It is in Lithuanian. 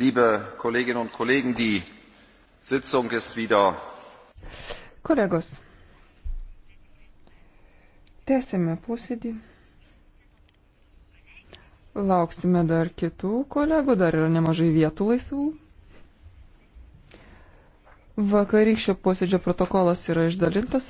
Liebe Kolleginnen und Kollegen, die Sitzung ist wieder. Kolegos, tęsime posėdį. Lauksime dar kitų kolegų, dar yra nemažai vietų laisvų. Vakarykščio posėdžio protokolas yra išdalintas.